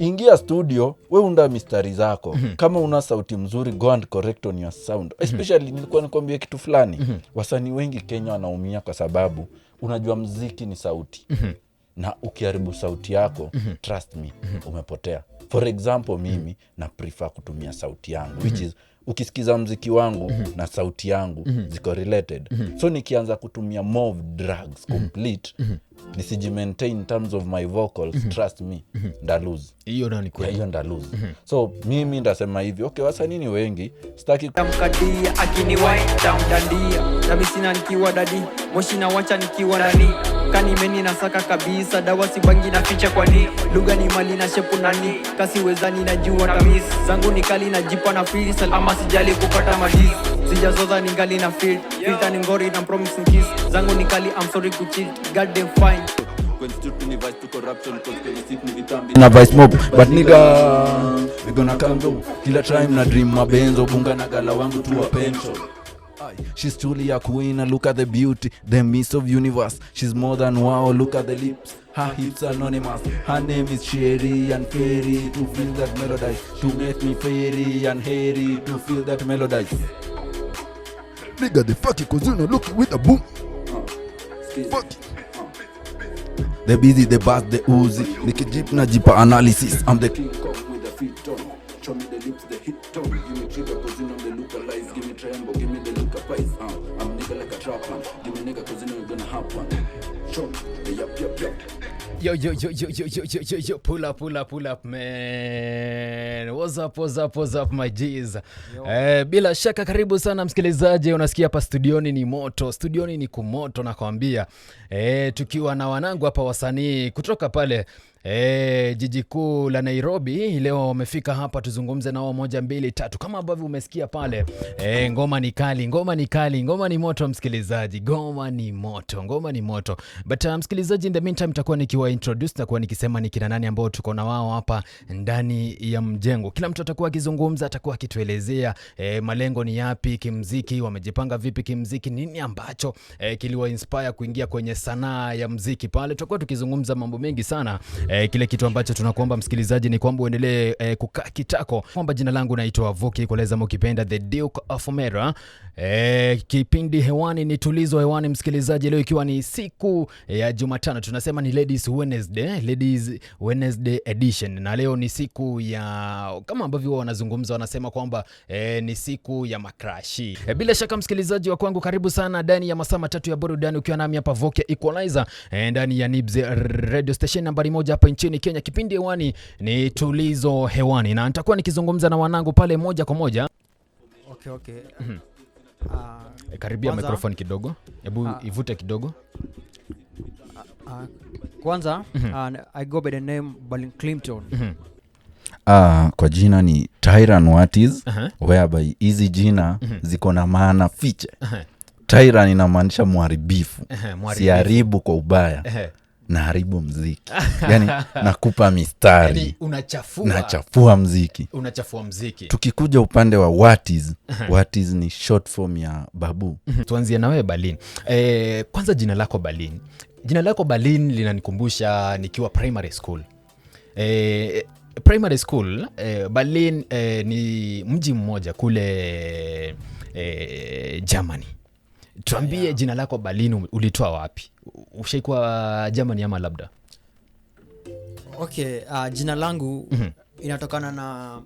ingia studio we unda mistari zako mm -hmm. kama una sauti mzuri go and correct on your sound mhm. especially mm -hmm. nilikuwa nikuambia kitu fulani mm -hmm. wasanii wengi Kenya wanaumia kwa sababu unajua mziki ni sauti mm -hmm. na ukiharibu sauti yako mm -hmm. trust me mm -hmm. umepotea for example mimi mm -hmm. na prefer kutumia sauti yangu mm -hmm. which mhm. is ukisikiza mziki wangu mm -hmm. na sauti yangu mm -hmm. ziko related mm -hmm. so nikianza kutumia more drugs mhm. complete mm -hmm. nisiji maintain terms of my vocals mm -hmm. trust me mm -hmm. hiyo hiyo mm -hmm. so mimi ndasema hivyo okay wasanini wengi staki mkadia na nikiwa dadi moshi nikiwa kani kanimeni nasaka kabisa dawa si bangi na ficha kwani lugha ni mali na shepu nani kasi wezani na jua tamis zangu ni kali najipa na fili ama sijali kupata madis sijazoza ngali na fil filta ni ngori na promise kiss zangu ni kali I'm sorry kuchil god damn fine na vice mob but nigga we gonna come down kila time na dream mabenzo bunga na gala wangu tuwa wapenzo She's truly a queen. Look at the beauty, the miss of universe. She's more than wow. Look at the lips. Her hips anonymous. Her name is Sherry and Fairy. To feel that melody, to make me fairy and hairy. To feel that melody. Nigga, the fuck cause you know, look with a boom. Fuck. The busy, the bass, the oozy. Nikijip na jipa analysis. I'm the king with the feet on. Show me the lips, the hit tone. You may trigger cause you know spice on. I'm a nigga like a trap man. Give me nigga cause you know you're gonna happen. Chop, yup, yup, yup. Yo, yo, yo, yo, yo, yo, yo, yo, yo, pull up, pull up, pull up, man. What's up, what's up, what's up, my G's. Eh, bila shaka karibu sana msikilizaji, unasikia hapa studioni ni moto, studioni ni kumoto nakwambia. Eh, tukiwa na wanangu hapa wasanii kutoka pale E, jiji kuu la Nairobi leo wamefika hapa, tuzungumze nao moja mbili tatu, kama ambavyo umesikia pale. E, ngoma ni kali, ngoma ni kali, ngoma ni moto msikilizaji, ngoma ni moto, ngoma ni moto but uh, msikilizaji, in the meantime takuwa nikiwa introduce na kuwa nikisema ni kina nani ambao tuko na wao hapa ndani ya mjengo. Kila mtu atakuwa akizungumza, atakuwa akituelezea e, malengo ni yapi kimziki, wamejipanga vipi kimziki, nini ambacho e, kiliwa inspire kuingia kwenye sanaa ya mziki pale. Tutakuwa tukizungumza mambo mengi sana E, kile kitu ambacho tunakuomba msikilizaji ni kwamba uendelee eh, kukaa kitako, kwamba jina langu naitwa Vuki Kolezama, mkipenda the Duke of Mera. E, kipindi hewani ni tulizo hewani, msikilizaji, leo ikiwa ni siku ya Jumatano, tunasema ni Ladies Wednesday, Ladies Wednesday edition, na leo ni siku ya kama ambavyo wanazungumza wanasema kwamba e, ni siku ya makrashi e, bila shaka msikilizaji wa kwangu, karibu sana ndani ya masaa matatu ya burudani, ukiwa nami hapa Voke Equalizer e, ndani ya Nibs Radio Station nambari moja hapa nchini Kenya. Kipindi hewani ni Tulizo Hewani, na nitakuwa nikizungumza na wanangu pale moja kwa moja. Okay, okay. Mm -hmm. Uh, karibia microphone kidogo, hebu uh, ivute kidogo. Uh, uh, kwanza mm -hmm. uh, I go by the name Balin Clinton. Mm -hmm. Uh, kwa jina ni Tyran Watis uh -huh. whereby hizi jina uh mhm. -huh. ziko na maana fiche uh -huh. Tyran inamaanisha mharibifu, uh -huh. siharibu kwa ubaya uh -huh naharibu mziki yani nakupa mistari yani, unachafua, nachafua mziki unachafua mziki tukikuja upande wa watis watis ni short form ya babu tuanzie wewe berlin e, eh, kwanza jina lako berlin jina lako berlin linanikumbusha nikiwa primary school e, primary school e, eh, berlin e, ni mji mmoja kule e, germany tuambie yeah. Jina lako Berlin ulitoa wapi? Ushaikuwa Germany ama labda? ok uh, jina langu mm -hmm. inatokana na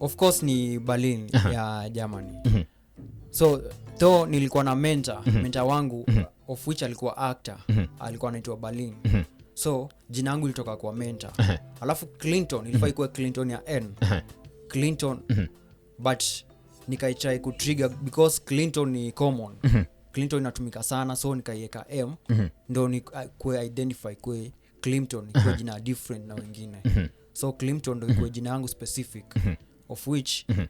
of course ni Berlin uh -huh. ya Germany mm -hmm. so to nilikuwa na menta mm -hmm. menta wangu mm -hmm. of which alikuwa actor mm -hmm. alikuwa anaitwa Berlin mm -hmm. so jina yangu ilitoka kwa menta uh -huh. alafu Clinton mhm. ilifai kuwa Clinton ya N uh -huh. Clinton uh-huh. but nikaitrai kutrigger because Clinton ni common uh-huh. Clinton inatumika sana so nikaiweka M mm-hmm. ndo ni uh, kue identify kue Clinton ikue mhm. jina uh-huh. different na wengine mm-hmm. so Clinton ndo ikue mhm. jina yangu specific mm-hmm. of which mm-hmm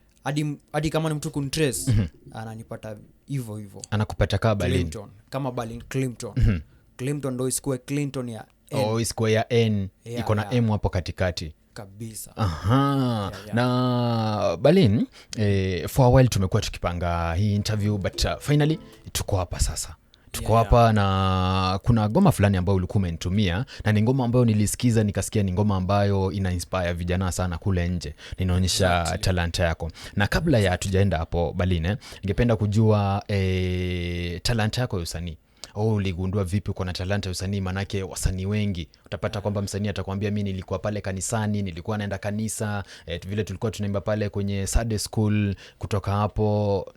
hadi kama ni mtu kuntrace mm-hmm. ananipata hivo hivo anakupata kama balin Clinton, kama balin Clinton mm-hmm. Clinton ndo isikue Clinton ya N. Oh, isikue ya N yeah, iko na yeah. M hapo katikati kabisa aha yeah, yeah. na berlin eh, for a while tumekuwa tukipanga hii interview but uh, finally tuko hapa sasa tuko yeah, hapa yeah. na kuna ngoma fulani ambayo ulikuwa umenitumia na ni ngoma ambayo nilisikiza nikasikia ni ngoma ambayo ina inspire vijana sana kule nje ninaonyesha yeah, talanta yako na kabla ya tujaenda hapo baline eh, ningependa kujua eh, talanta yako ya usanii oh, uligundua vipi uko na talanta ya usanii? Maanake wasanii wengi utapata kwamba msanii atakwambia mi nilikuwa pale kanisani, nilikuwa naenda kanisa eh, vile tulikuwa tunaimba pale kwenye sade school, kutoka hapo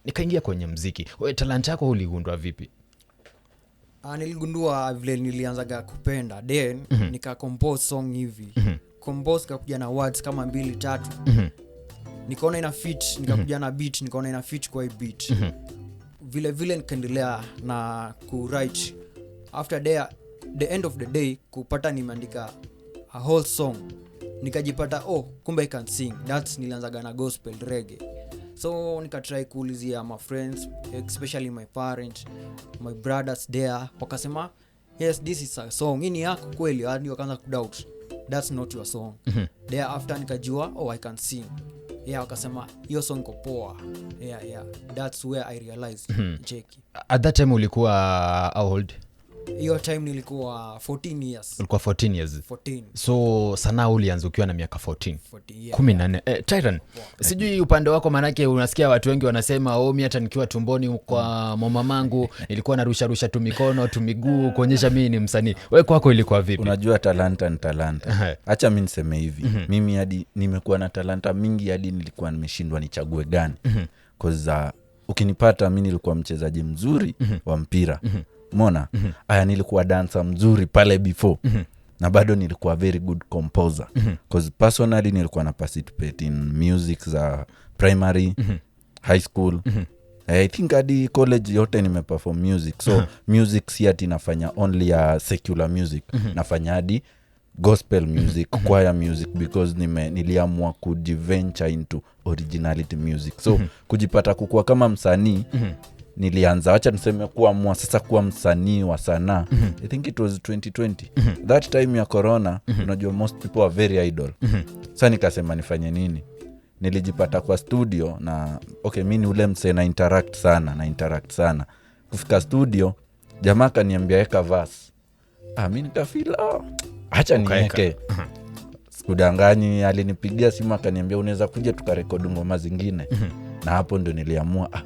nikaingia kwenye mziki. We, talanta yako uligundua vipi? Uh, niligundua vile nilianzaga kupenda then mm -hmm. nika compose song hivi mm -hmm. compose kakuja na words kama mbili tatu mm -hmm. nikaona ina fit nikakuja mm -hmm. na beat nikaona ina fit kwa hii beat mm -hmm vile vile nikaendelea na ku write after day, the end of the day kupata nimeandika a whole song nikajipata oh kumbe i can sing that's nilianzaga na gospel rege so nikatry kuulizia my friends especially my parent my brothers there wakasema yes this is a song ini yako kweli hadi yaani wakaanza kudoubt that's not your song mm-hmm. there after nikajua oh i can sing yeah wakasema hiyo song poa yeah, yeah. that's where i realized hmm. cheki at that time ulikuwa how old hiyo time nilikuwa 14 years. Ulikuwa 14 years. 14. So sanaa ulianza ukiwa na miaka 14. kumi yeah, 14. Eh, Tyron, Sijui upande wako maanake unasikia watu wengi wanasema oh, mimi hata nikiwa tumboni kwa mama mangu nilikuwa narusha rusha tu mikono tu miguu kuonyesha mii ni msanii. we kwako ilikuwa vipi? Unajua talanta ni talanta. Acha mi niseme hivi. Mhm. Mimi hadi nimekuwa na talanta mingi hadi nilikuwa nimeshindwa nichague gani. Mhm. Cause uh, ukinipata mi nilikuwa mchezaji mzuri mhm. wa mpira mona mm-hmm. aya nilikuwa dansa mzuri pale before mm-hmm na bado nilikuwa very good composer mm-hmm. personally nilikuwa na participate in music za primary mm-hmm. high school mm-hmm. i think hadi college yote nimeperform music so mm-hmm. music si ati nafanya only ya secular music mm-hmm. nafanya hadi gospel music mm-hmm. choir music because nime, niliamua kujiventure into originality music so mm-hmm. kujipata kukuwa kama msanii mm-hmm nilianza, wacha tuseme kuamua sasa kuwa msanii wa sanaa mm -hmm. I think it was 2020 mm -hmm. that time ya corona mm -hmm. unajua most people are very idol mm -hmm. sa nikasema nifanye nini nilijipata kwa studio na ok mi ni ule mse na interact sana na interact sana kufika studio jamaa kaniambia eka vas ah, mi nikafila ah, hacha nieke mhm. sikudanganyi alinipigia simu akaniambia unaweza kuja tukarekodi ngoma zingine mm-hmm. na hapo ndio niliamua ah,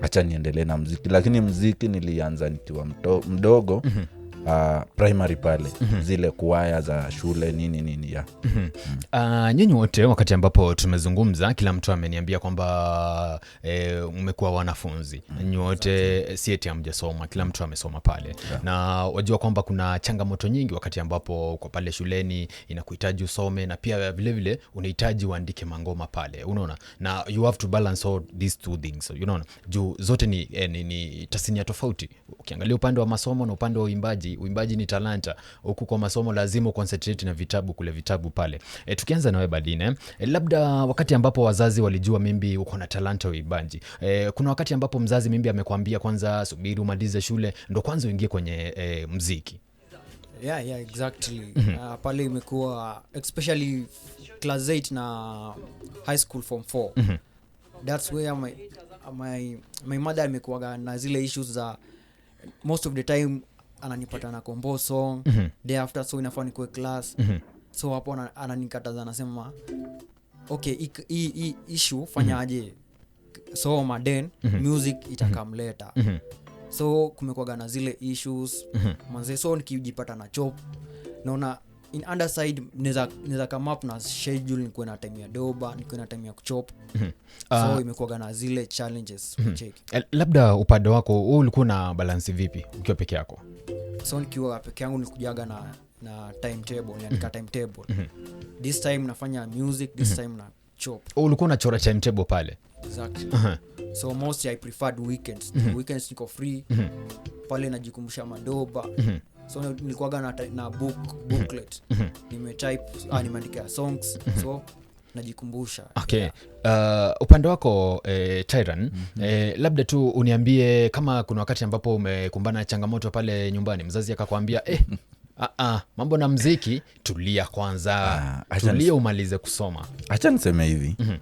hacha niendelee na mziki, lakini mziki nilianza nikiwa mdogo mm -hmm uh, primary pale mm -hmm. zile kuwaya za shule nini nini ya mm -hmm. mm. Uh, nyinyi wote wakati ambapo tumezungumza, kila mtu ameniambia kwamba eh, mmekuwa wanafunzi mm. nyinyi wote sieti amjasoma kila mtu amesoma pale yeah. na wajua kwamba kuna changamoto nyingi wakati ambapo kwa pale shuleni inakuhitaji usome na pia vilevile unahitaji uandike mangoma pale, unaona na you have to balance all these two things, juu zote ni, eh, ni, ni tasnia tofauti, ukiangalia upande wa masomo na upande wa uimbaji uimbaji. ni talanta, huku kwa masomo lazima uconcentrate na vitabu kule vitabu pale. E, tukianza nawe Badine, e, labda wakati ambapo wazazi walijua mimi uko na talanta uimbaji, e, kuna wakati ambapo mzazi mimi amekwambia kwanza subiri umalize shule ndo kwanza uingie kwenye e, mziki? Yeah, yeah, exactly. mm -hmm. Uh, pale imekuwa especially class 8 na high school form 4. mm -hmm. That's where my, my, my mother amekuwaga na zile issues za most of the time ananipata na komboso mm-hmm. day after so inafaa nikue class mm-hmm. so hapo ananikataza anasema ok hii ishu fanyaje mm-hmm. soma then mm-hmm. music itakamleta mm-hmm. so kumekwaga na zile issues mm-hmm. manze so nikijipata na chop naona in underside naweza come up na schedule nikuwe na time ya doba nikuwe na time ya kuchop mm-hmm. uh, so ah. imekuaga na zile challenges mm-hmm. cheki eh, labda upande wako huu ulikuwa na balansi vipi ukiwa peke yako so nikiwa peke yangu nikujaga na na timetable niandika mm-hmm. timetable mm-hmm. this time nafanya music this mm-hmm. time na chop oh, ulikuwa unachora timetable pale exactly uh-huh. so most i preferred weekends mm-hmm. weekends niko free mm-hmm. pale najikumbusha madoba mm-hmm so nilikuaga na, na book, mhm. booklet mhm. nimetype ah, nimeandika songs mhm. so najikumbusha okay. yeah. uh, upande wako eh, Tyran mm-hmm. eh, labda tu uniambie kama kuna wakati ambapo umekumbana na changamoto pale nyumbani, mzazi akakwambia eh, ah, ah, mambo na mziki, tulia kwanza ah, tulia umalize kusoma. Acha niseme hivi mm-hmm.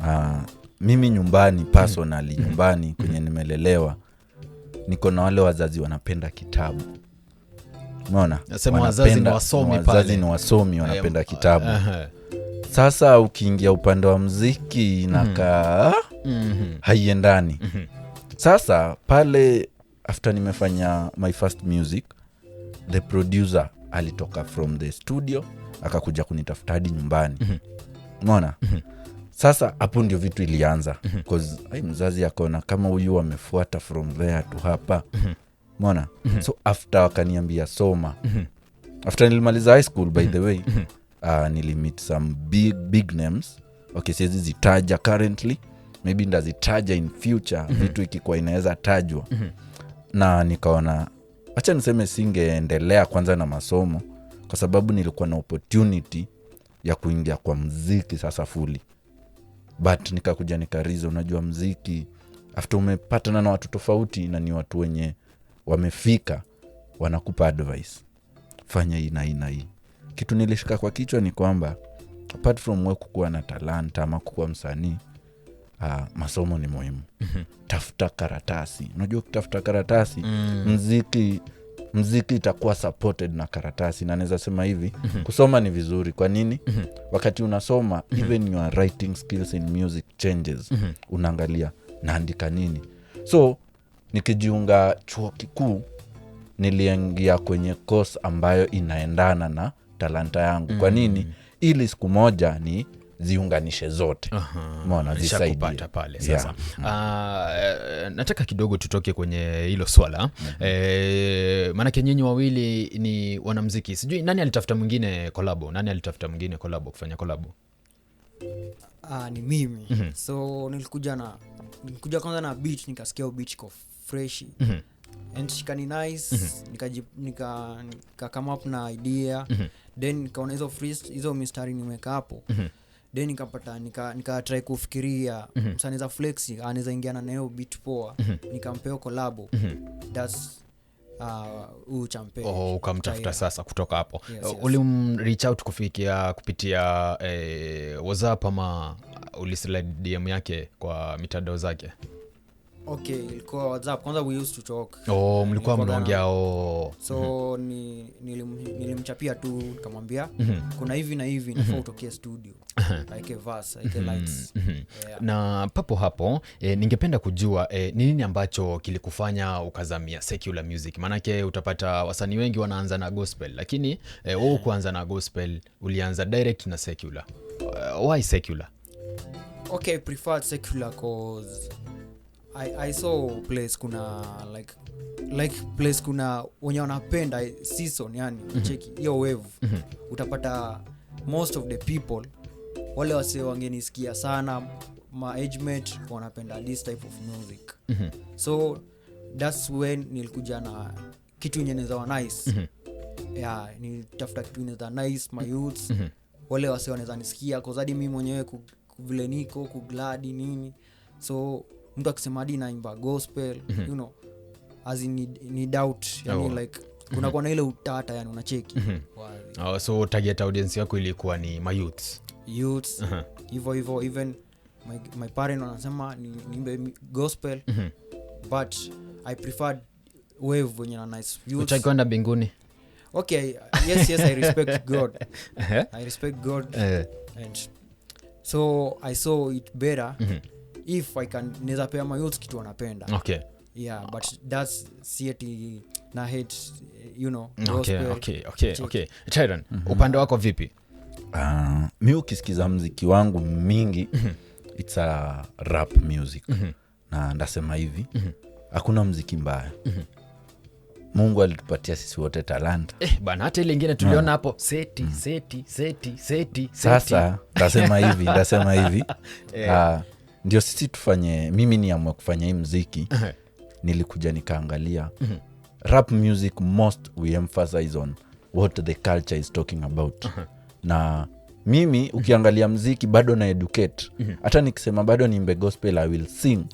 uh, mimi nyumbani personally mm-hmm. nyumbani kwenye nimelelewa niko na wale wazazi wanapenda kitabu unaona ni wasomi, wanapenda kitabu Sasa ukiingia upande wa mziki nakaa mhm. mm -hmm. haiendani mm -hmm. Sasa pale after nimefanya my first music, the producer alitoka from the studio akakuja kunitafuta hadi nyumbani mm -hmm. mm -hmm. Sasa hapo ndio vitu ilianza mm -hmm. mzazi akaona kama huyu amefuata from there tu hapa mm -hmm mona mm -hmm. so after wakaniambia soma mm -hmm. after nilimaliza high school by mm -hmm. the way mm -hmm. uh, nilimit some big, big names okay siwezi zitaja currently maybe ndazitaja in future mm -hmm. vitu ikikuwa inaweza tajwa mm -hmm. na nikaona hacha niseme singeendelea kwanza na masomo kwa sababu nilikuwa na opportunity ya kuingia kwa mziki sasa fuli but nikakuja nikariza unajua mziki afte umepatana na watu tofauti na ni watu wenye wamefika, wanakupa advice, fanya hii na hii na hii. Kitu nilishika kwa kichwa ni kwamba apart from we kukuwa na talanta ama kukuwa msanii Uh, masomo ni muhimu mm -hmm. Tafuta karatasi, unajua ukitafuta karatasi mm. mziki mziki itakuwa supported na karatasi, na naweza sema hivi mm -hmm. kusoma ni vizuri. Kwa nini? mm -hmm. wakati unasoma mm -hmm. even your writing skills in music changes mm -hmm. unaangalia naandika nini, so Nikijiunga chuo kikuu, niliingia kwenye kos ambayo inaendana na talanta yangu. mm. Kwa nini? ili siku moja ni ziunganishe zote. Umeona, pale sasa. Yeah. Mm. Uh, eh, nataka kidogo tutoke kwenye hilo swala mm -hmm. E, maanake nyinyi wawili ni wanamziki, sijui nani alitafuta mwingine kolabo, nani alitafuta mwingine kolabo kufanya kolabo? Uh, ah, ni mimi mm -hmm. So nilikuja na nilikuja kwanza na beat, nikasikia beat iko freshi mm -hmm. and shikani nice mm -hmm. nika, nika come up na idea mm -hmm. then nikaona hizo hizo mistari nimeweka hapo mm -hmm then nikapata nikatrai nika, nika kufikiria mm -hmm. sanaweza flexi anaweza ah, ingiana nayo bit poa mm -hmm. nikampeo kolabo mm -hmm. thats ah, huu uh, champe oh, ukamtafuta sasa kutoka hapo yes, uh, yes. ulim reach out kufikia kupitia eh, whatsapp ama ulislide dm yake kwa mitandao zake Oh, mlikuwa mnaongea oh. so mm-hmm. ni, nilim, nilimchapia tu nikamwambia mm-hmm. kuna hivi na hivi mm-hmm. utokee studio like verse, like Mm-hmm. Yeah. na papo hapo e, ningependa kujua e, ni nini ambacho kilikufanya ukazamia secular music maanake utapata wasanii wengi wanaanza na gospel lakini eh, e, yeah. kuanza na gospel ulianza direct na secular uh, why secular okay I, I saw place kuna like like place kuna wenye wanapenda season yani mm -hmm. cheki hiyo wave mm -hmm. utapata most of the people wale wase wangenisikia sana maagement wanapenda this type of music mm -hmm. so thats when nilikuja na kitu yenye nezawa nice mm -hmm. yeah, nilitafuta kitu neza nice my mhm. youths mm -hmm. wale wase wanaweza nisikia kazadi mi mwenyewe vile niko kugladi nini so mtu akisema adi naimba gospel mm-hmm. you know, azi ni, ni doubt yani oh. like kunakuwa mhm. na ile utata yani unacheki mm-hmm. oh, so target audience yako ilikuwa ni mayouth youths uh-huh. hivyo even my, my parent wanasema niimbe ni gospel mm-hmm. but i preferred wave wenye na nice utakienda mbinguni okay yes yes i respect god uh-huh. i respect god uh-huh. and so i saw it better mm-hmm if i can naweza pea mayouth kitu anapenda okay yeah but that's sieti na hate you know okay, okay, okay, okay. Chiron, mm-hmm. upande wako vipi uh, mi ukisikiza mziki wangu mingi mm-hmm. its a rap music mm-hmm. na ndasema hivi mm-hmm. hakuna mziki mbaya mm-hmm mungu alitupatia sisi wote talanta eh, bana hata ile ingine tuliona hapo mm. hapo seti mm. seti seti seti sasa ndasema hivi ndasema hivi yeah. Eh. uh, ndio sisi tufanye, mimi niamue kufanya hii mziki uh -huh. Nilikuja nikaangalia uh mhm. -huh. Rap music most we emphasize on what the culture is talking about uh -huh. na mimi ukiangalia mziki bado na educate mhm. hata uh -huh. nikisema bado niimbe gospel I will sing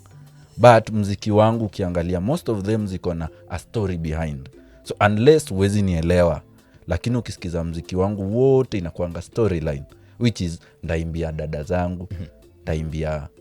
but mziki wangu ukiangalia most of them ziko na a story behind, so unless huwezi nielewa, lakini ukisikiza mziki wangu wote inakuanga storyline which is ndaimbia dada zangu, mhm. ndaimbia mm-hmm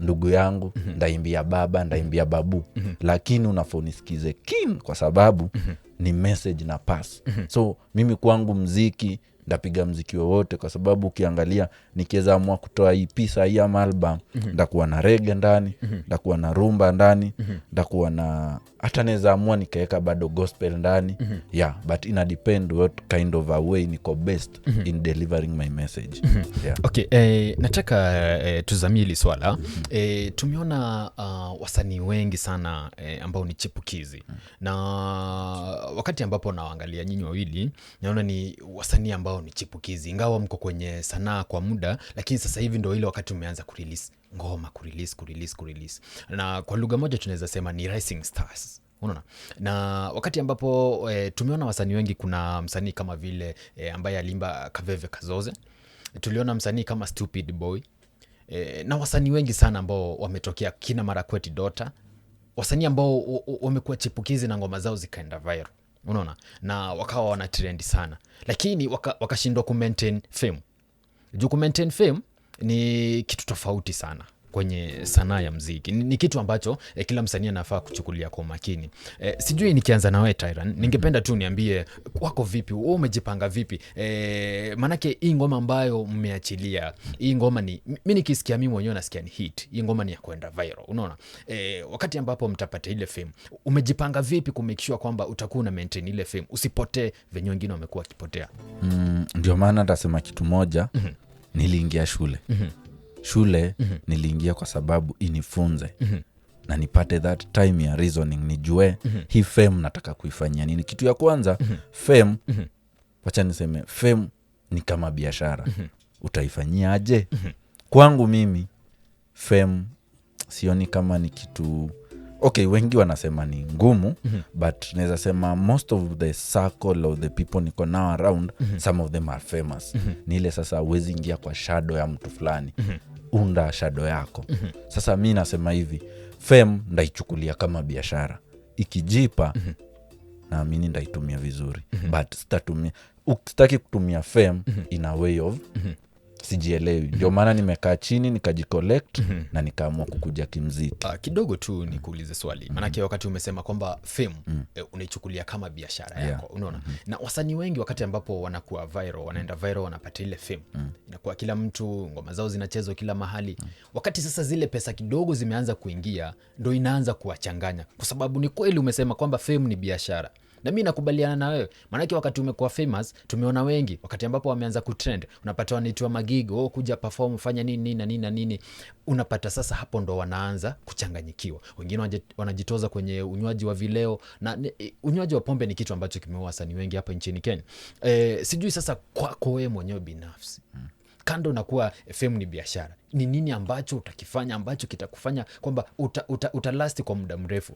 ndugu yangu mm -hmm. Ndaimbia baba, ndaimbia mhm. babu mm -hmm. Lakini unafonisikize kin kwa sababu mm -hmm. ni message na pas mm -hmm. So mimi kwangu mziki ndapiga mziki wowote kwa sababu ukiangalia nikiweza amua kutoa hii pisa hii ama album mm -hmm. ndakuwa na rege ndani mm -hmm. ndakuwa na rumba ndani mm -hmm. ndakuwa na hata naweza amua nikaweka bado gospel ndani mm -hmm. yeah but ina depend what kind of a way niko best mm -hmm. in delivering my message mm -hmm. yeah. okay eh, nataka eh, tuzamie hili swala mm -hmm. eh, tumeona uh, wasanii wengi sana eh, ambao ni chipukizi mm -hmm. na wakati ambapo nawaangalia nyinyi wawili naona ni wasanii ambao ni chipukizi ingawa mko kwenye sanaa kwa muda lakini sasa hivi ndo ile wakati umeanza kurelease ngoma kurelease, kurelease, kurelease. Na kwa lugha moja tunaweza sema ni rising stars. Unaona? Na wakati ambapo e, tumeona wasanii wengi, kuna msanii kama vile e, ambaye alimba Kaveve Kazoze, tuliona msanii kama Stupid Boy e, na wasanii wengi sana ambao wametokea kina Marakweti Dota, wasanii ambao wamekuwa chipukizi na ngoma zao zikaenda viral, unaona, na wakawa wana trendi sana, lakini wakashindwa waka ku maintain fame juu ku maintain fame ni kitu tofauti sana kwenye sanaa ya mziki ni, ni kitu ambacho eh, kila msanii anafaa kuchukulia kwa umakini eh, sijui nikianza nawe Tyran, ningependa tu niambie wako vipi, wewe umejipanga vipi eh, maanake hii ngoma ambayo mmeachilia hii ngoma ni mi nikisikia mi mwenyewe nasikia ni hit. Hii ngoma ni ya kwenda viral, unaona eh, wakati ambapo mtapata ile fame, umejipanga vipi kumekishua kwamba utakuwa una maintain ile fame usipotee venye wengine wamekuwa wakipotea? Mm, ndio mm, maana atasema kitu moja mm -hmm niliingia shule mm -hmm. shule mm -hmm. niliingia kwa sababu inifunze mm -hmm na nipate that time ya reasoning nijue mm -hmm. hii fem nataka kuifanyia nini kitu ya kwanza mm -hmm. fem mhm. mm -hmm. wacha niseme fem ni kama biashara mm -hmm. utaifanyia aje mm -hmm. kwangu mimi fem sioni kama ni kitu okay, wengi wanasema ni ngumu mm -hmm. but naweza sema most of the circle of the people niko now around mm -hmm. some of them are famous mm -hmm. ni ile sasa, huwezi ingia kwa shado ya mtu fulani mm -hmm. unda shado yako mm -hmm. Sasa mi nasema hivi, fem ndaichukulia kama biashara ikijipa mm -hmm. naamini ndaitumia vizuri mm -hmm. but sitatumia sitaki kutumia fem mhm. mm -hmm. in a way of mm -hmm sijielewi mhm. ndio maana nimekaa chini nikajicollect mm-hmm. na nikaamua kukuja kimziki uh, kidogo tu mhm. nikuulize swali mm-hmm. wakati umesema kwamba fm mm-hmm. eh, unaichukulia kama biashara yeah. yako unaona mm-hmm. na wasanii wengi wakati ambapo wanakuwa viral wanaenda viral wanapata ile fm mm-hmm. inakuwa kila mtu ngoma zao zinachezwa kila mahali mm-hmm. wakati sasa zile pesa kidogo zimeanza kuingia ndo inaanza kuwachanganya kwa sababu ni kweli umesema kwamba fm ni biashara na mi nakubaliana na wewe, maanake wakati umekuwa famous tumeona wengi, wakati ambapo wameanza kutrend unapata wanaitiwa magigo, oh, kuja pafom fanya nini nini na nini na nini. Unapata sasa hapo ndo wanaanza kuchanganyikiwa, wengine wanajitoza kwenye unywaji wa vileo na e, unywaji wa pombe ni kitu ambacho kimeua wasanii wengi hapa nchini Kenya. E, sijui sasa kwako wewe mwenyewe binafsi hmm. Kando na kuwa FM ni biashara, ni nini ambacho utakifanya ambacho kitakufanya kwamba uta, uta, kwa muda mrefu?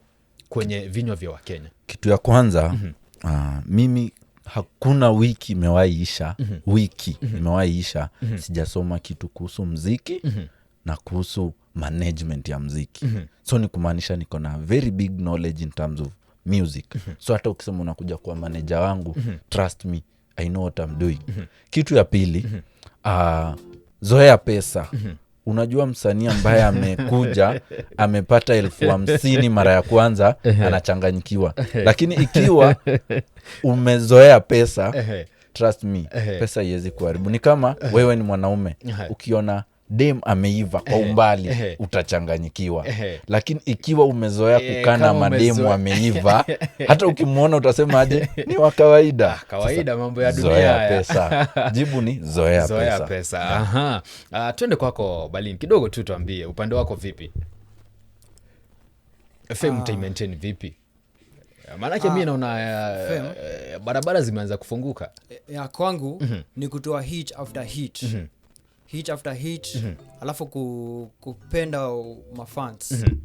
kwenye vinywa vya wakenya kitu ya kwanza mm-hmm. uh, mimi hakuna wiki imewaiisha mm-hmm. wiki mm-hmm. imewaiisha mm-hmm. sijasoma kitu kuhusu mziki mm-hmm. na kuhusu management ya mziki mm-hmm. so ni kumaanisha niko na very big knowledge in terms of music mm-hmm. so hata ukisema unakuja kuwa maneja wangu mm-hmm. trust me i know what I'm doing mm-hmm. kitu ya pili mm-hmm. uh, zoea pesa mm-hmm unajua msanii ambaye amekuja amepata elfu hamsini mara ya kwanza anachanganyikiwa lakini ikiwa umezoea pesa trust me pesa iwezi kuharibu ni kama wewe ni mwanaume ukiona dem ameiva kwa umbali utachanganyikiwa Lakini ikiwa umezoea eh, kukana mademu ameiva hata ukimwona utasemaje ni wa kawaida. Ah, kawaida mambo ya dunia pesa. Jibu ni zoea, zoea pesa, pesa. Aha. Uh, twende kwako balin kidogo tu, tuambie upande wako vipi fame ah. utaimaintain vipi? Maanake mi naona uh, barabara zimeanza kufunguka ya kwangu mm -hmm. ni kutoa hit after hit mm -hmm hit after hit mm -hmm. alafu ku, kupenda mafans mm -hmm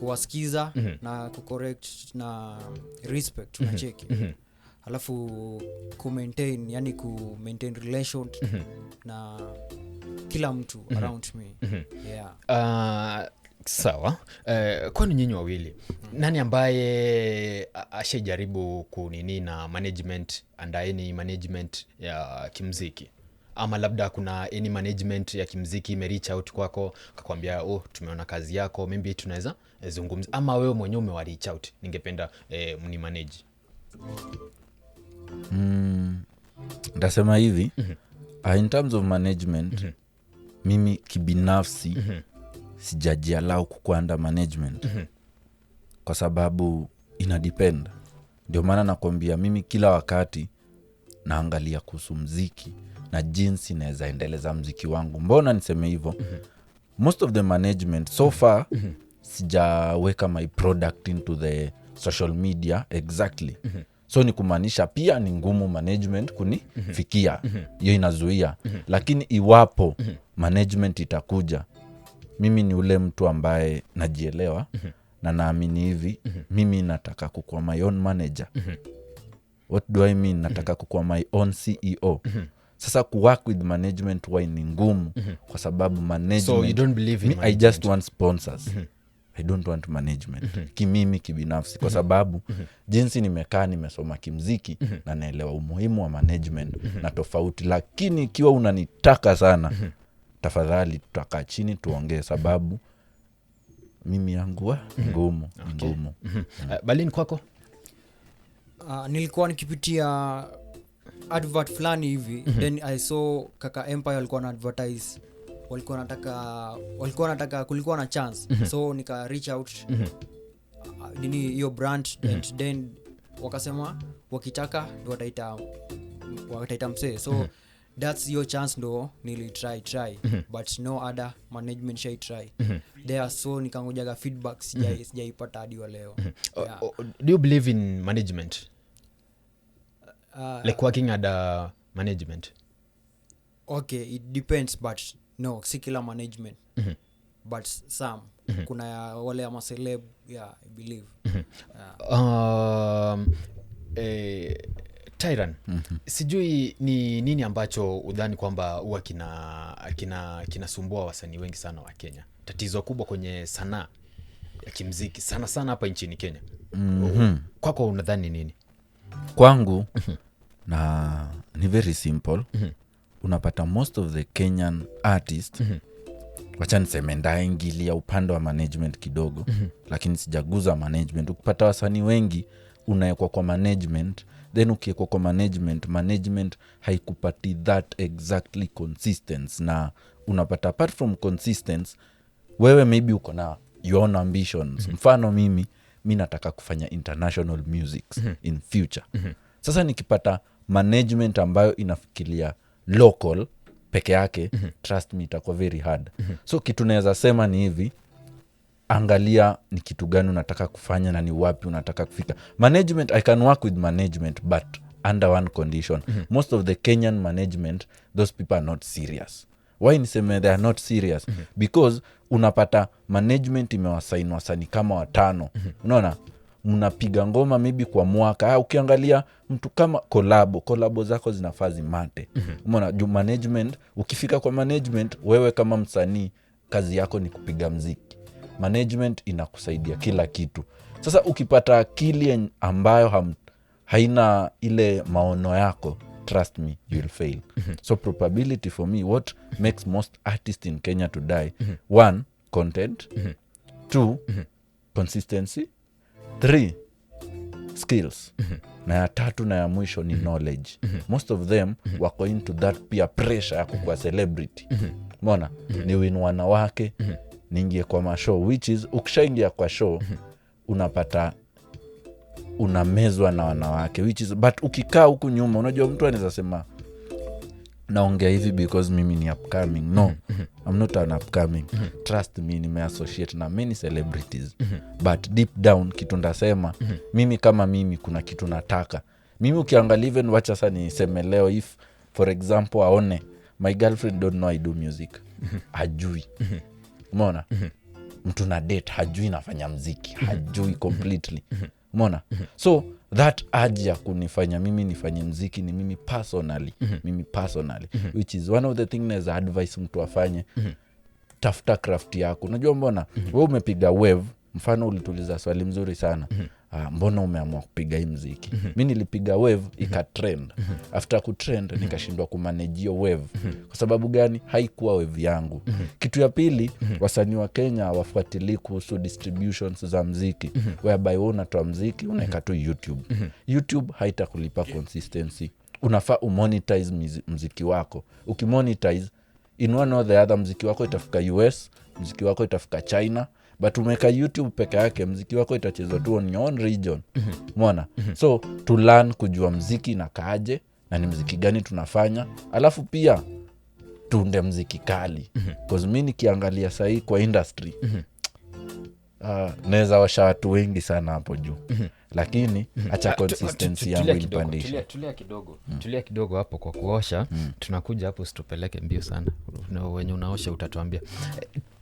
kuwasikiza mm-hmm. na kucorrect na respect mm-hmm. na cheki mm-hmm. alafu kumaintain yani kumaintain relation mm-hmm. na kila mtu mm-hmm. around me mm-hmm. yeah. uh, sawa uh, kwani nyinyi wawili mm-hmm. nani ambaye ashajaribu kunini na management andaeni management ya kimziki ama labda kuna any management ya kimziki imerich out kwako kakwambia, oh, tumeona kazi yako maybe tunaweza eh, zungumza, ama wewe mwenyewe umewa reach out, ningependa eh, mni manage? Mm, hivi mm -hmm. uh, in terms of management mm -hmm. mimi kibinafsi mm -hmm. sijajialau kukwanda management mm -hmm. kwa sababu ina depend, ndio maana nakwambia mimi kila wakati naangalia kuhusu mziki na jinsi naweza endeleza mziki wangu. Mbona niseme hivyo? mm -hmm. Most of the management so far mm -hmm. sijaweka my product into the social media exactly. mm -hmm. So ni kumaanisha pia ni ngumu management kunifikia hiyo. mm -hmm. Inazuia. mm -hmm. Lakini iwapo mm -hmm. management itakuja, mimi ni ule mtu ambaye najielewa mm -hmm. na naamini hivi mm -hmm. mimi nataka kukuwa my own manager. mm -hmm. What do I mean? Nataka kukuwa my own CEO. mm -hmm sasa kuwork with management wy ni ngumu mm -hmm. kwa sababu so I just want sponsors mm -hmm. I don't want management mhm. kimimi kibinafsi kwa mhm. sababu mm -hmm. jinsi nimekaa nimesoma kimziki mm -hmm. na naelewa umuhimu wa management mm -hmm. na tofauti, lakini ikiwa unanitaka sana mm -hmm. tafadhali tutakaa chini tuongee sababu mimi yangu mhm. ngumu ngumu. Mm. Eh, Balin, kwako? Uh, nilikuwa nikipitia advert fulani hivi mm-hmm. then i saw kaka empire walikuwa na advertise walikuwa nataka walikuwa nataka kulikuwa na chance mm-hmm. so nika reach out mm-hmm. uh, nini hiyo brand mm-hmm. and then wakasema wakitaka ndo wataita wataita msee so mm-hmm thats your chance ndo nilitry try mm-hmm. but no other management shai try mm-hmm. there so nikangojaga feedback mhm. sijaipata mm-hmm. hadi wa leo mm-hmm. yeah. uh, uh, do you believe in management uh, like working at uh, management okay it depends but no si kila management mm-hmm. but some mm-hmm. kuna ya wale ama celeb yeah i believe mm-hmm. yeah. um, eh, tyran mm-hmm. sijui ni nini ambacho udhani kwamba huwa kinasumbua kina, kina, kina wasanii wengi sana wa kenya tatizo kubwa kwenye sanaa ya kimziki sana sana hapa nchini kenya mm-hmm. kwako kwa unadhani nini kwangu mhm na ni very simple mm -hmm. unapata most of the kenyan artist mm -hmm. wacha niseme ndaingilia upande wa management kidogo mm -hmm. lakini sijaguza management ukipata wasanii wengi unawekwa kwa management then ukiwekwa kwa management management haikupati that exactly consistence na unapata apart from consistence wewe maybe uko na your ambitions mm -hmm. mfano mimi mi nataka kufanya international music mm -hmm. in future mm -hmm. sasa nikipata management ambayo inafikilia local peke yake mm-hmm. trust me itakuwa very hard mm-hmm. so kitu naweza sema ni hivi angalia ni kitu gani unataka kufanya na ni wapi unataka kufika management i can work with management but under one condition mm-hmm. most of the kenyan management those people are not serious why niseme they are not serious mm-hmm. because unapata management imewasain wasani kama watano mm-hmm. unaona mnapiga ngoma maybe kwa mwaka. Ah, ukiangalia mtu kama kolabo, kolabo zako zinafaa zimate. Mhm. Umeona juu management, ukifika kwa management, wewe kama msanii kazi yako ni kupiga mziki, management inakusaidia kila kitu. Sasa ukipata akili ambayo ham, haina ile maono yako trust me you'll fail mm-hmm. so probability for me what makes most artists in Kenya to die mm-hmm. one content mm-hmm. two mm-hmm. consistency three skills mm -hmm. na ya tatu na ya mwisho ni mm -hmm. knowledge mm -hmm. most of them mm -hmm. wako into that pia pressure ya kukuwa mhm. celebrity mm -hmm. mona mm -hmm. ni win wanawake mm -hmm. niingie kwa mashow which is ukishaingia kwa show mm -hmm. unapata unamezwa na wanawake which is, but ukikaa huku nyuma unajua mtu anaweza sema naongea hivi mm. because mimi ni upcoming no mm-hmm. Mm-hmm. i'm not an upcoming mm-hmm. trust me nimeassociate na many celebrities but deep down kitu ndasema mimi kama mimi kuna kitu nataka mimi ukiangalia even wacha sa niseme leo if for example aone my girlfriend don't know i do music ajui umeona mtu na date hajui nafanya mziki hajui completely umeona so that aji ya kunifanya mimi nifanye mziki ni mimi personally mm -hmm. mimi personally mm -hmm. which is one of the thing naweza advice mtu afanye mm -hmm. tafuta craft yako unajua mbona mm -hmm. we umepiga wave mfano ulituliza swali mzuri sana mm -hmm ah, mbona umeamua kupiga hii mziki? mm -hmm. Mi nilipiga wave mhm. ikatrend. mm -hmm. afte kutrend mm -hmm. nikashindwa kumanejio wave mm -hmm. kwa sababu gani? haikuwa wave yangu. mm -hmm. Kitu ya pili, mm -hmm. wasanii wa Kenya hawafuatilii kuhusu distributions za mziki mm -hmm. whereby we unatoa mziki unaweka mhm. tu YouTube. mm -hmm. YouTube haitakulipa consistency, unafaa umonetize mziki wako. Ukimonetize inuanothe one other mziki wako itafika US, mziki wako itafika China but umeka youtube peke yake mziki wako itachezwa tu on your own region mona mhm. mhm. so to learn kujua mziki na kaje na ni mziki gani tunafanya alafu pia tunde mziki kali mhm. bcause mi nikiangalia sahii kwa industry uh, naweza washa watu wengi sana hapo juu lakini hacha ah, consistency kidogo mm. kidogo hapo kwa kuosha mm. tunakuja hapo usitupeleke mbio sana wenye unaosha utatuambia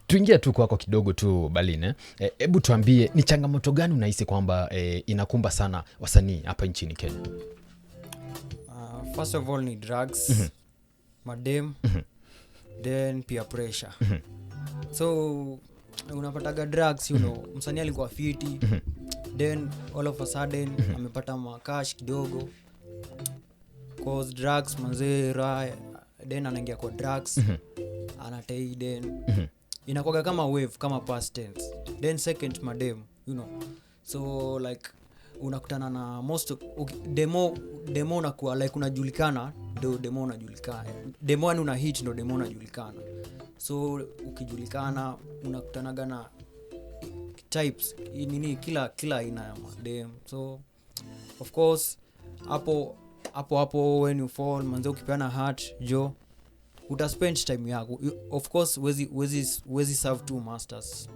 tuingia tu kwako kidogo tu Berlin, eh. Eh, hebu eh, tuambie ni changamoto gani unahisi kwamba e, inakumba sana wasanii hapa nchini Kenya? Uh, first of all ni drugs, mm -hmm. madem, mm -hmm. then peer pressure. Mm -hmm. So unapataga drugs, you mhm. know, mm -hmm. msanii alikuwa fiti, mm -hmm. then all of a sudden mm -hmm. amepata makash kidogo cause drugs manzee, then anaingia kwa drugs, mm -hmm. anatei then mm -hmm inakwaga kama wave kama past tense then second madem you know so like unakutana na most demo demo unakuwa like unajulikana ndo demo unajulikana demo yani una hit ndo demo unajulikana so ukijulikana unakutanaga na types nini kila kila aina ya madem so of course hapo hapo hapo when you fall manze ukipeana heart jo utaspend time yako of course wezi, wezi, wezi serve two masters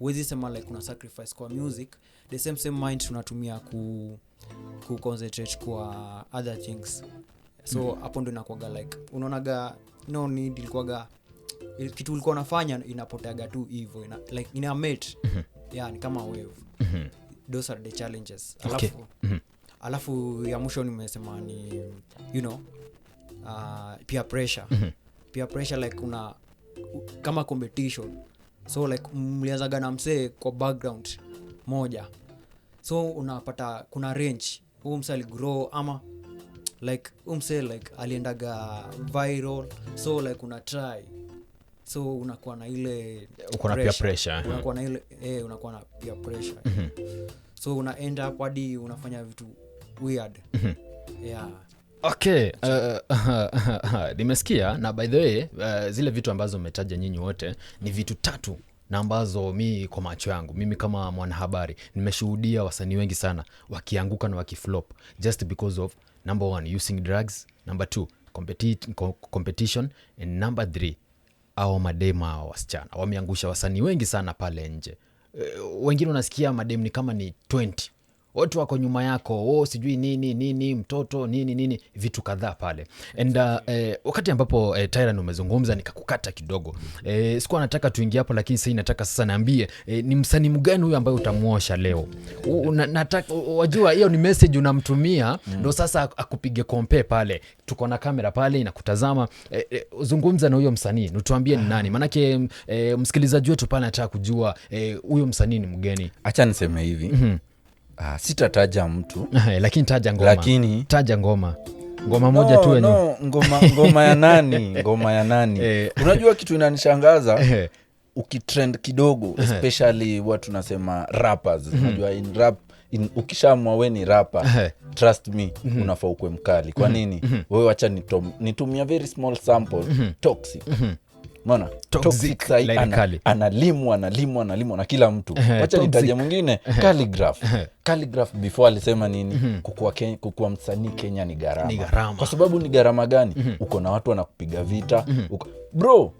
wezi sema like una sacrifice kwa music the same same mind tunatumia ku, ku concentrate kwa other things so mm-hmm. hapo mm-hmm. ndo inakwaga like unaonaga no need ilikwaga kitu ulikuwa unafanya inapoteaga tu hivo ina, like ina mate mm-hmm. yeah, ni kama wave mm-hmm. those are the challenges alafu, okay. mm-hmm. alafu ya mwisho nimesema ni you know uh, pia pressure mm-hmm pia pressure like una kama competition so like mlianzaga na msee kwa background moja so unapata kuna range huu msee aligrow ama like umse like aliendaga viral so like una try so unakuwa na ile unakuwa na pressure unakuwa na ile eh unakuwa na pia pressure mm-hmm. so una end up hadi unafanya vitu weird mm-hmm. yeah Okay, uh, nimesikia na by the way uh, zile vitu ambazo metaja nyinyi wote ni vitu tatu na ambazo mi kwa macho yangu mimi kama mwanahabari nimeshuhudia wasanii wengi sana wakianguka na wakiflop just because of number one using drugs, number two competi competition and number th au madema a wasichana wameangusha wasanii wengi sana pale nje. Uh, wengine unasikia mademu ni kama ni 20 watu wako nyuma yako, oh, sijui nini nini, mtoto nini nini, vitu kadhaa pale and uh, eh, wakati ambapo eh, Tyran umezungumza nikakukata kidogo eh, sikuwa nataka tuingie hapo, lakini sai nataka sasa niambie eh, ni msanii mgani huyo ambaye utamuosha leo? wajua hiyo ni message unamtumia mm. ndo mm. sasa akupige kompe pale, tuko na kamera pale inakutazama eh, eh, zungumza na huyo msanii nituambie ni nani, maanake eh, msikilizaji wetu pale anataka kujua eh, huyo eh, msanii ni mgeni. hacha niseme hivi mm -hmm uh, sitataja mtu eh, lakini taja ngoma. Lakini, taja ngoma ngoma moja no, tu no, ngoma, ngoma ya nani ngoma ya nani eh. Unajua kitu inanishangaza eh. Ukitrend kidogo eh. especially watu nasema rappers mm -hmm. Unajua in rap in, ukishamwa we ni rapa hey. Eh. Trust me mm -hmm. Unafaa ukwe mkali kwa mhm. nini? mm -hmm. Wewe wacha nitum, nitumia very small sample mm -hmm. toxic mm -hmm maona ana, analimwa analimwa analimwa na kila mtu. Wacha nitaja mwingine calligraph. before alisema nini? Mhm. kukua -hmm. kukua msanii Kenya ni gharama. Kwa sababu ni gharama gani? Mhm. Uko na watu wanakupiga vita. Mhm. Uko... Bro,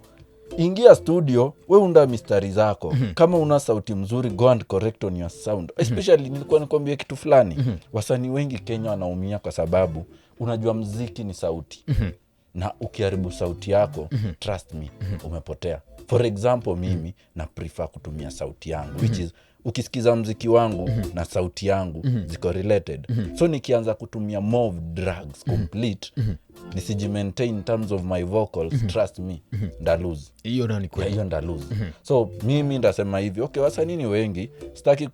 ingia studio we unda mistari zako. mm -hmm. Kama una sauti mzuri, go and correct on your sound especially. Nilikuwa kitu fulani. mm -hmm. Wasanii wengi Kenya wanaumia kwa sababu unajua mziki ni sauti. mm -hmm na ukiharibu sauti yako mm -hmm. trust me mm -hmm. umepotea. For example mimi mm -hmm. na prefe kutumia sauti yangu mm -hmm. which is ukisikiza mziki wangu mm -hmm. na sauti yangu mm -hmm. ziko related mm -hmm. so nikianza kutumia more drugs complete mm -hmm. nisiji maintain terms of my vocals mm -hmm. trust me mm -hmm. hiyo mm -hmm. so mimi ndasema hivyo okay, wasanini wengi sitaki